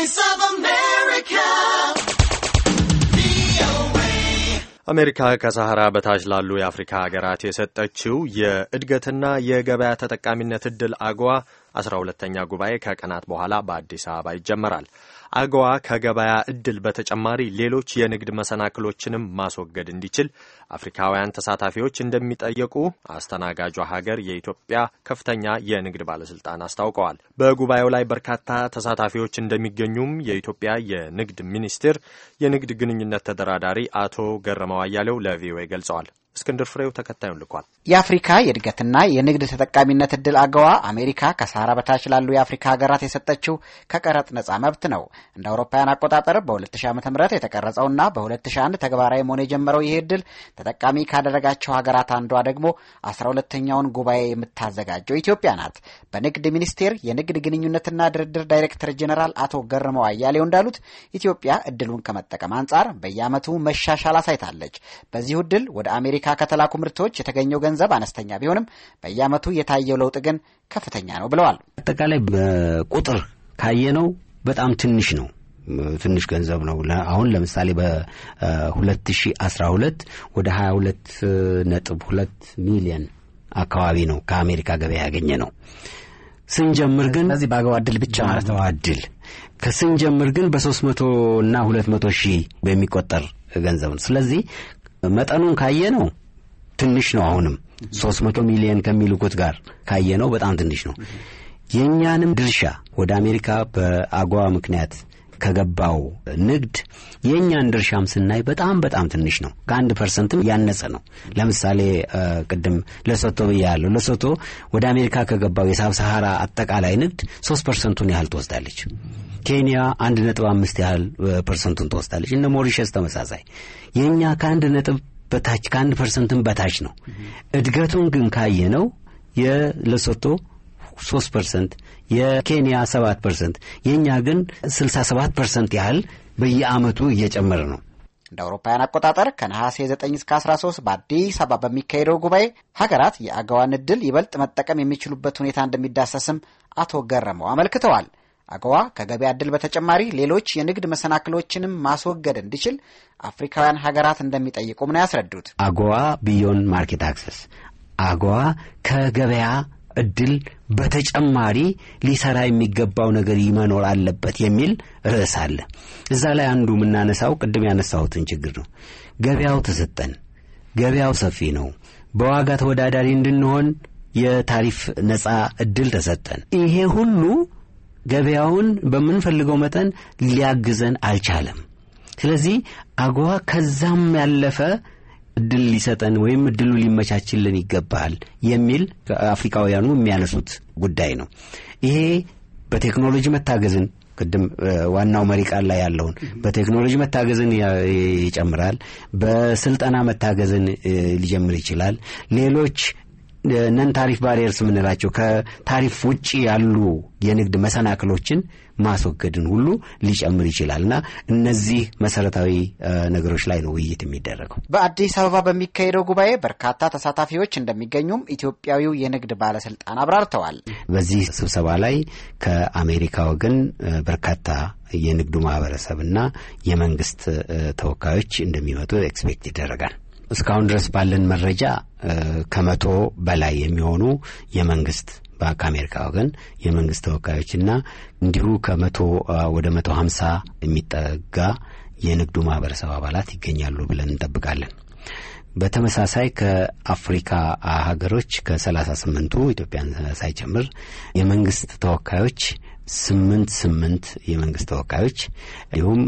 Voice of America. አሜሪካ ከሳህራ በታች ላሉ የአፍሪካ ሀገራት የሰጠችው የእድገትና የገበያ ተጠቃሚነት እድል አግዋ አስራ ሁለተኛ ጉባኤ ከቀናት በኋላ በአዲስ አበባ ይጀመራል። አገዋ ከገበያ እድል በተጨማሪ ሌሎች የንግድ መሰናክሎችንም ማስወገድ እንዲችል አፍሪካውያን ተሳታፊዎች እንደሚጠየቁ አስተናጋጇ ሀገር የኢትዮጵያ ከፍተኛ የንግድ ባለስልጣን አስታውቀዋል። በጉባኤው ላይ በርካታ ተሳታፊዎች እንደሚገኙም የኢትዮጵያ የንግድ ሚኒስቴር የንግድ ግንኙነት ተደራዳሪ አቶ ገረመው አያሌው ለቪኦኤ ገልጸዋል። እስክንድር ፍሬው ተከታዩን ልኳል። የአፍሪካ የእድገትና የንግድ ተጠቃሚነት እድል አገዋ አሜሪካ ከሰሃራ በታች ላሉ የአፍሪካ ሀገራት የሰጠችው ከቀረጥ ነፃ መብት ነው። እንደ አውሮፓውያን አቆጣጠር በ2000 ዓ ም የተቀረጸውና በ2001 ተግባራዊ መሆን የጀመረው ይህ እድል ተጠቃሚ ካደረጋቸው ሀገራት አንዷ ደግሞ 12ተኛውን ጉባኤ የምታዘጋጀው ኢትዮጵያ ናት። በንግድ ሚኒስቴር የንግድ ግንኙነትና ድርድር ዳይሬክተር ጀኔራል አቶ ገርመው አያሌው እንዳሉት ኢትዮጵያ እድሉን ከመጠቀም አንጻር በየዓመቱ መሻሻል አሳይታለች። በዚሁ እድል ወደ አሜሪካ አሜሪካ ከተላኩ ምርቶች የተገኘው ገንዘብ አነስተኛ ቢሆንም በየዓመቱ የታየው ለውጥ ግን ከፍተኛ ነው ብለዋል። አጠቃላይ በቁጥር ካየነው በጣም ትንሽ ነው ትንሽ ገንዘብ ነው። አሁን ለምሳሌ በ2012 ወደ 222 ነጥብ ሚሊዮን አካባቢ ነው ከአሜሪካ ገበያ ያገኘ ነው። ስንጀምር ግን እዚህ በአገው አድል ብቻ ማለት ነው አድል ከስንጀምር ግን በ300 እና 200 ሺህ በሚቆጠር ገንዘብ ነው። ስለዚህ መጠኑን ካየ ነው ትንሽ ነው። አሁንም ሶስት መቶ ሚሊየን ከሚልኩት ጋር ካየ ነው በጣም ትንሽ ነው። የእኛንም ድርሻ ወደ አሜሪካ በአጓ ምክንያት ከገባው ንግድ የእኛን ድርሻም ስናይ በጣም በጣም ትንሽ ነው። ከአንድ ፐርሰንትም ያነሰ ነው። ለምሳሌ ቅድም ለሶቶ ብያለሁ። ለሶቶ ወደ አሜሪካ ከገባው የሳብ ሰሃራ አጠቃላይ ንግድ ሶስት ፐርሰንቱን ያህል ትወስዳለች። ኬንያ አንድ ነጥብ አምስት ያህል ፐርሰንቱን ትወስዳለች። እነ ሞሪሸስ ተመሳሳይ። የእኛ ከአንድ ነጥብ በታች ከአንድ ፐርሰንትም በታች ነው። እድገቱን ግን ካየ ነው የለሶቶ 3 ፐርሰንት የኬንያ 7 ፐርሰንት የእኛ ግን 67 ፐርሰንት ያህል በየአመቱ እየጨመረ ነው። እንደ አውሮፓውያን አቆጣጠር ከነሐሴ 9 እስከ 13 በአዲስ አበባ በሚካሄደው ጉባኤ ሀገራት የአገዋን እድል ይበልጥ መጠቀም የሚችሉበት ሁኔታ እንደሚዳሰስም አቶ ገረመው አመልክተዋል። አገዋ ከገበያ እድል በተጨማሪ ሌሎች የንግድ መሰናክሎችንም ማስወገድ እንዲችል አፍሪካውያን ሀገራት እንደሚጠይቁም ነው ያስረዱት። አገዋ ቢዮን ማርኬት አክሰስ አገዋ ከገበያ እድል በተጨማሪ ሊሰራ የሚገባው ነገር መኖር አለበት የሚል ርዕስ አለ። እዛ ላይ አንዱ የምናነሳው ቅድም ያነሳሁትን ችግር ነው። ገበያው ተሰጠን። ገበያው ሰፊ ነው። በዋጋ ተወዳዳሪ እንድንሆን የታሪፍ ነፃ እድል ተሰጠን። ይሄ ሁሉ ገበያውን በምንፈልገው መጠን ሊያግዘን አልቻለም። ስለዚህ አጎዋ ከዛም ያለፈ እድል ሊሰጠን ወይም እድሉ ሊመቻችልን ይገባል የሚል አፍሪካውያኑ የሚያነሱት ጉዳይ ነው። ይሄ በቴክኖሎጂ መታገዝን ቅድም ዋናው መሪ ቃል ላይ ያለውን በቴክኖሎጂ መታገዝን ይጨምራል። በስልጠና መታገዝን ሊጀምር ይችላል። ሌሎች ነን ታሪፍ ባሪየርስ የምንላቸው ከታሪፍ ውጭ ያሉ የንግድ መሰናክሎችን ማስወገድን ሁሉ ሊጨምር ይችላል እና እነዚህ መሰረታዊ ነገሮች ላይ ነው ውይይት የሚደረገው። በአዲስ አበባ በሚካሄደው ጉባኤ በርካታ ተሳታፊዎች እንደሚገኙም ኢትዮጵያዊው የንግድ ባለስልጣን አብራርተዋል። በዚህ ስብሰባ ላይ ከአሜሪካ ወገን በርካታ የንግዱ ማህበረሰብና የመንግስት ተወካዮች እንደሚመጡ ኤክስፔክት ይደረጋል። እስካሁን ድረስ ባለን መረጃ ከመቶ በላይ የሚሆኑ የመንግስት ከአሜሪካ ወገን የመንግስት ተወካዮችና እንዲሁ ከመቶ ወደ መቶ ሀምሳ የሚጠጋ የንግዱ ማህበረሰብ አባላት ይገኛሉ ብለን እንጠብቃለን። በተመሳሳይ ከአፍሪካ ሀገሮች ከሰላሳ ስምንቱ ኢትዮጵያን ሳይጨምር የመንግስት ተወካዮች ስምንት ስምንት የመንግስት ተወካዮች እንዲሁም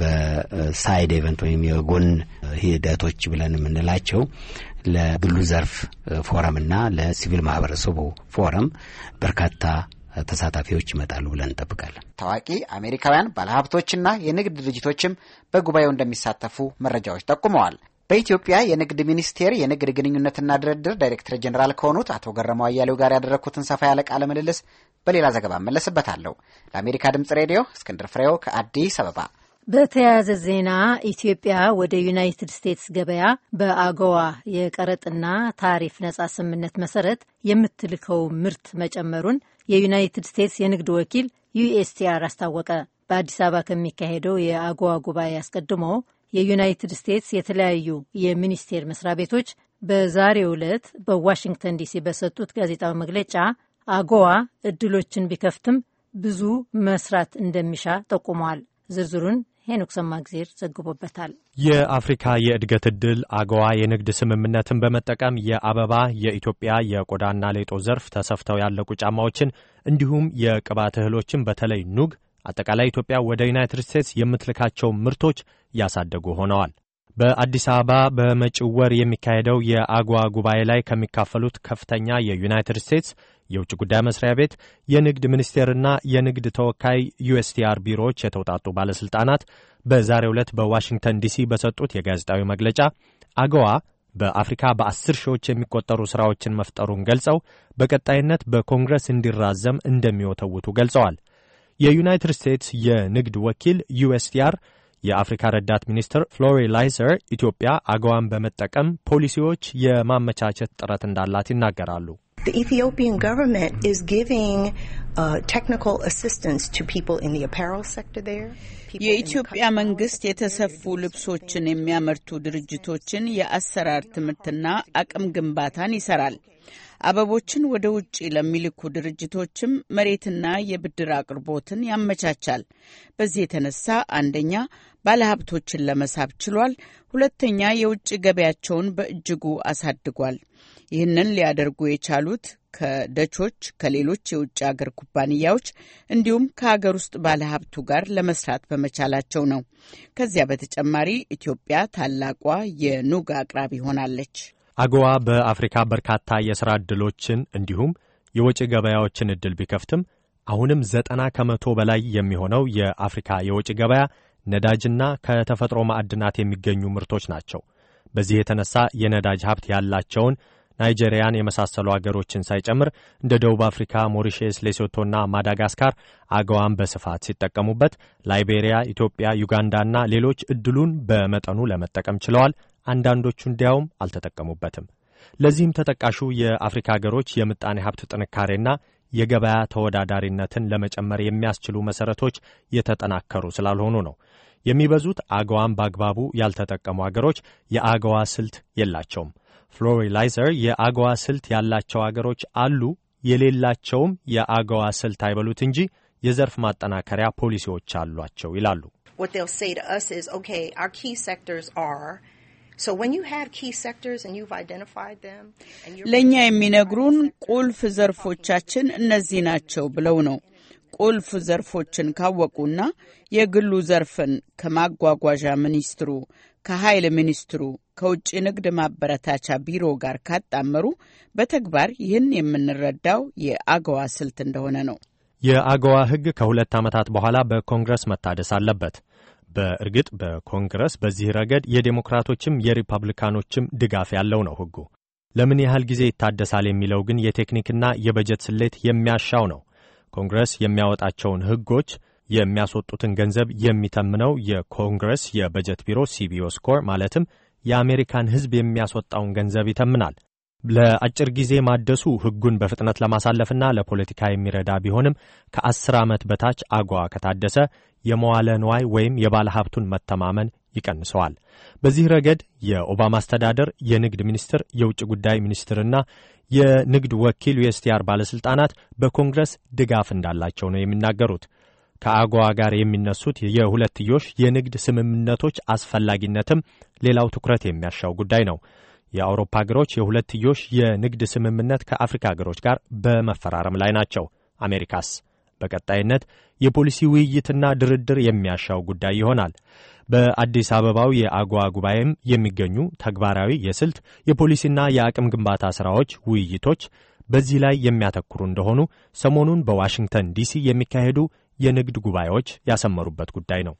በሳይድ ኤቨንት ወይም የጎን ሂደቶች ብለን የምንላቸው ለግሉ ዘርፍ ፎረምና ለሲቪል ማህበረሰቡ ፎረም በርካታ ተሳታፊዎች ይመጣሉ ብለን እንጠብቃለን። ታዋቂ አሜሪካውያን ባለሀብቶችና የንግድ ድርጅቶችም በጉባኤው እንደሚሳተፉ መረጃዎች ጠቁመዋል። በኢትዮጵያ የንግድ ሚኒስቴር የንግድ ግንኙነትና ድርድር ዳይሬክተር ጀኔራል ከሆኑት አቶ ገረመው አያሌው ጋር ያደረግኩትን ሰፋ ያለ ቃለ ምልልስ በሌላ ዘገባ መለስበታለሁ። ለአሜሪካ ድምፅ ሬዲዮ እስክንድር ፍሬው ከአዲስ አበባ። በተያያዘ ዜና ኢትዮጵያ ወደ ዩናይትድ ስቴትስ ገበያ በአጎዋ የቀረጥና ታሪፍ ነጻ ስምምነት መሰረት የምትልከው ምርት መጨመሩን የዩናይትድ ስቴትስ የንግድ ወኪል ዩኤስቲአር አስታወቀ። በአዲስ አበባ ከሚካሄደው የአጎዋ ጉባኤ አስቀድሞ የዩናይትድ ስቴትስ የተለያዩ የሚኒስቴር መስሪያ ቤቶች በዛሬው ዕለት በዋሽንግተን ዲሲ በሰጡት ጋዜጣዊ መግለጫ አጎዋ እድሎችን ቢከፍትም ብዙ መስራት እንደሚሻ ጠቁመዋል። ዝርዝሩን ሄኖክ ሰማግዜር ዘግቦበታል። የአፍሪካ የእድገት እድል አገዋ የንግድ ስምምነትን በመጠቀም የአበባ የኢትዮጵያ የቆዳና ሌጦ ዘርፍ ተሰፍተው ያለቁ ጫማዎችን እንዲሁም የቅባት እህሎችን በተለይ ኑግ አጠቃላይ ኢትዮጵያ ወደ ዩናይትድ ስቴትስ የምትልካቸው ምርቶች ያሳደጉ ሆነዋል። በአዲስ አበባ በመጪው ወር የሚካሄደው የአጓ ጉባኤ ላይ ከሚካፈሉት ከፍተኛ የዩናይትድ ስቴትስ የውጭ ጉዳይ መስሪያ ቤት የንግድ ሚኒስቴርና የንግድ ተወካይ ዩኤስቲአር ቢሮዎች የተውጣጡ ባለሥልጣናት በዛሬው ዕለት በዋሽንግተን ዲሲ በሰጡት የጋዜጣዊ መግለጫ አገዋ በአፍሪካ በአስር ሺዎች የሚቆጠሩ ሥራዎችን መፍጠሩን ገልጸው በቀጣይነት በኮንግረስ እንዲራዘም እንደሚወተውቱ ገልጸዋል። የዩናይትድ ስቴትስ የንግድ ወኪል ዩኤስቲአር የአፍሪካ ረዳት ሚኒስትር ፍሎሪ ላይዘር ኢትዮጵያ አገዋን በመጠቀም ፖሊሲዎች የማመቻቸት ጥረት እንዳላት ይናገራሉ። uh, የኢትዮጵያ መንግስት የተሰፉ ልብሶችን የሚያመርቱ ድርጅቶችን የአሰራር ትምህርትና አቅም ግንባታን ይሰራል። አበቦችን ወደ ውጭ ለሚልኩ ድርጅቶችም መሬትና የብድር አቅርቦትን ያመቻቻል። በዚህ የተነሳ አንደኛ ባለሀብቶችን ለመሳብ ችሏል፣ ሁለተኛ የውጭ ገበያቸውን በእጅጉ አሳድጓል። ይህንን ሊያደርጉ የቻሉት ከደቾች ከሌሎች የውጭ አገር ኩባንያዎች እንዲሁም ከሀገር ውስጥ ባለሀብቱ ጋር ለመስራት በመቻላቸው ነው። ከዚያ በተጨማሪ ኢትዮጵያ ታላቋ የኑግ አቅራቢ ሆናለች። አጎዋ በአፍሪካ በርካታ የሥራ ዕድሎችን እንዲሁም የወጪ ገበያዎችን ዕድል ቢከፍትም አሁንም ዘጠና ከመቶ በላይ የሚሆነው የአፍሪካ የወጪ ገበያ ነዳጅና ከተፈጥሮ ማዕድናት የሚገኙ ምርቶች ናቸው። በዚህ የተነሳ የነዳጅ ሀብት ያላቸውን ናይጄሪያን የመሳሰሉ አገሮችን ሳይጨምር እንደ ደቡብ አፍሪካ፣ ሞሪሼስ፣ ሌሶቶና ማዳጋስካር አገዋን በስፋት ሲጠቀሙበት ላይቤሪያ፣ ኢትዮጵያ፣ ዩጋንዳና ሌሎች ዕድሉን በመጠኑ ለመጠቀም ችለዋል። አንዳንዶቹ እንዲያውም አልተጠቀሙበትም። ለዚህም ተጠቃሹ የአፍሪካ ሀገሮች የምጣኔ ሀብት ጥንካሬና የገበያ ተወዳዳሪነትን ለመጨመር የሚያስችሉ መሰረቶች የተጠናከሩ ስላልሆኑ ነው። የሚበዙት አገዋን በአግባቡ ያልተጠቀሙ አገሮች የአገዋ ስልት የላቸውም። ፍሎሪላይዘር የአገዋ ስልት ያላቸው አገሮች አሉ፣ የሌላቸውም የአገዋ ስልት አይበሉት እንጂ የዘርፍ ማጠናከሪያ ፖሊሲዎች አሏቸው ይላሉ። ለእኛ የሚነግሩን ቁልፍ ዘርፎቻችን እነዚህ ናቸው ብለው ነው። ቁልፍ ዘርፎችን ካወቁና የግሉ ዘርፍን ከማጓጓዣ ሚኒስትሩ፣ ከኃይል ሚኒስትሩ፣ ከውጭ ንግድ ማበረታቻ ቢሮ ጋር ካጣመሩ በተግባር ይህን የምንረዳው የአገዋ ስልት እንደሆነ ነው። የአገዋ ሕግ ከሁለት ዓመታት በኋላ በኮንግረስ መታደስ አለበት። በእርግጥ በኮንግረስ በዚህ ረገድ የዴሞክራቶችም የሪፐብሊካኖችም ድጋፍ ያለው ነው ሕጉ። ለምን ያህል ጊዜ ይታደሳል የሚለው ግን የቴክኒክና የበጀት ስሌት የሚያሻው ነው። ኮንግረስ የሚያወጣቸውን ሕጎች የሚያስወጡትን ገንዘብ የሚተምነው የኮንግረስ የበጀት ቢሮ ሲቢኦ ስኮር ማለትም የአሜሪካን ሕዝብ የሚያስወጣውን ገንዘብ ይተምናል። ለአጭር ጊዜ ማደሱ ሕጉን በፍጥነት ለማሳለፍና ለፖለቲካ የሚረዳ ቢሆንም ከአስር ዓመት በታች አጓ ከታደሰ የመዋለ ንዋይ ወይም የባለ ሀብቱን መተማመን ይቀንሰዋል። በዚህ ረገድ የኦባማ አስተዳደር የንግድ ሚኒስትር፣ የውጭ ጉዳይ ሚኒስትርና የንግድ ወኪል ዩኤስቲአር ባለሥልጣናት በኮንግረስ ድጋፍ እንዳላቸው ነው የሚናገሩት። ከአጎዋ ጋር የሚነሱት የሁለትዮሽ የንግድ ስምምነቶች አስፈላጊነትም ሌላው ትኩረት የሚያሻው ጉዳይ ነው። የአውሮፓ አገሮች የሁለትዮሽ የንግድ ስምምነት ከአፍሪካ አገሮች ጋር በመፈራረም ላይ ናቸው። አሜሪካስ በቀጣይነት የፖሊሲ ውይይትና ድርድር የሚያሻው ጉዳይ ይሆናል። በአዲስ አበባው የአጓ ጉባኤም የሚገኙ ተግባራዊ የስልት የፖሊሲና የአቅም ግንባታ ሥራዎች ውይይቶች በዚህ ላይ የሚያተኩሩ እንደሆኑ ሰሞኑን በዋሽንግተን ዲሲ የሚካሄዱ የንግድ ጉባኤዎች ያሰመሩበት ጉዳይ ነው።